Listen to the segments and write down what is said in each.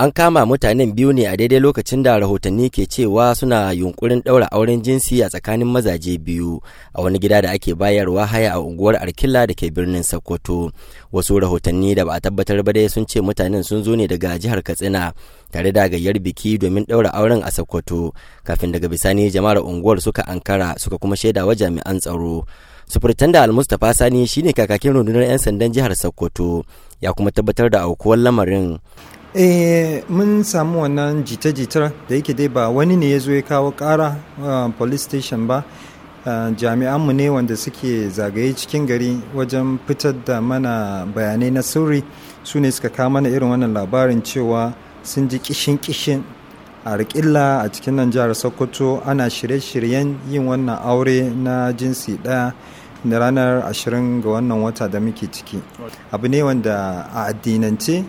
an kama mutanen biyu ne a daidai lokacin da rahotanni ke cewa suna yunkurin ɗaura auren jinsi a tsakanin mazaje biyu a wani gida da ake bayarwa haya a unguwar arkilla da ke birnin sokoto wasu rahotanni da ba a tabbatar ba dai sun ce mutanen sun zo ne daga jihar katsina tare da gayyar biki domin ɗaura auren a sokoto kafin daga bisani jama'ar unguwar suka ankara suka kuma shaida wa jami'an tsaro sufurtanda almustapha sani shine kakakin rundunar 'yan sandan jihar sokoto ya kuma tabbatar da aukuwar lamarin eh mun samu wannan jita-jitar da yake dai ba wani ne ya zo ya kawo kara eh, police station ba eh, jami'anmu ne wanda suke zagaye cikin gari wajen fitar da mana bayanai na sirri su ne suka kawo mana irin wannan labarin cewa sun ji kishin-kishin a rikilla a cikin nan jihar sokoto ana shirye-shiryen yin wannan aure na jinsi ɗaya da ranar 20 ga wannan wata da muke ciki abu ne wanda a addinance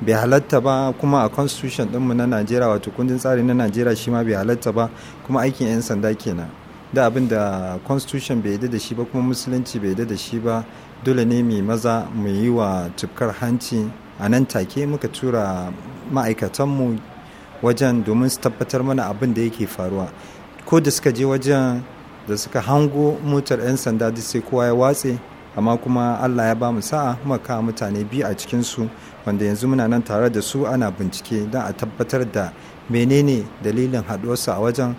bai halatta ba kuma a constitution dinmu na najeriya wato kundin tsari na najeriya shi ma bai halatta ba kuma aikin 'yan sanda kenan da abin da constitution bai yadda da shi ba kuma musulunci bai yadda da shi ba dole ne mai maza mu yi wa tufkar hanci a nan take muka tura ma'aikatanmu wajen domin su tabbatar mana abin da yake faruwa ko da suka je wajen da suka hango motar 'yan sanda duk sai kowa ya watse amma kuma allah ya ba mu sa'a muka mutane biyu a cikin su wanda yanzu muna nan tare da su ana bincike don a tabbatar da menene dalilin haɗuwarsa a wajen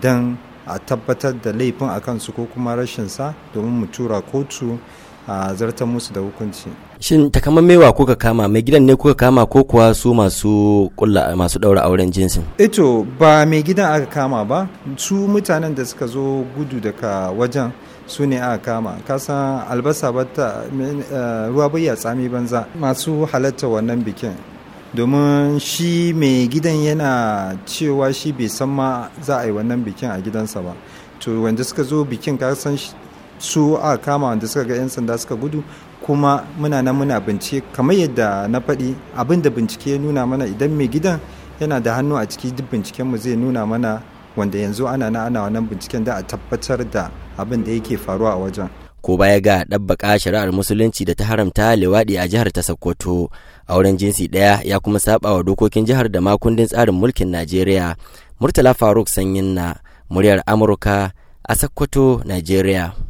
don a tabbatar da laifin a kansu ko kuma rashin sa domin mu tura kotu a zartar musu da hukunci shin takamaiman mewa kuka kama mai gidan ne kuka kama ko kuwa su masu kulla masu daura auren jinsin ito ba mai gidan aka kama ba su mutanen da suka zo gudu daga wajen su ne aka kama kasan albasa bata eh, ruwa bai ya tsami banza masu halatta wannan bikin domin shi mai gidan yana cewa shi bai san ma za a yi wannan bikin a gidansa ba to wanda suka zo bikin kasan su a kama wanda suka ga 'yan sanda suka gudu kuma muna nan muna bincike kamar yadda na faɗi abin da bincike ya nuna mana idan mai gidan yana da hannu a ciki duk binciken mu zai nuna mana wanda yanzu ana na ana wannan binciken da a tabbatar da abin da yake faruwa a wajen ko baya ga ɗabbaka shari'ar musulunci da ta haramta lewaɗi a jihar ta sokoto auren jinsi ɗaya ya kuma saba wa dokokin jihar da makundin tsarin mulkin najeriya murtala faruk sanyin na muryar amurka a sokoto najeriya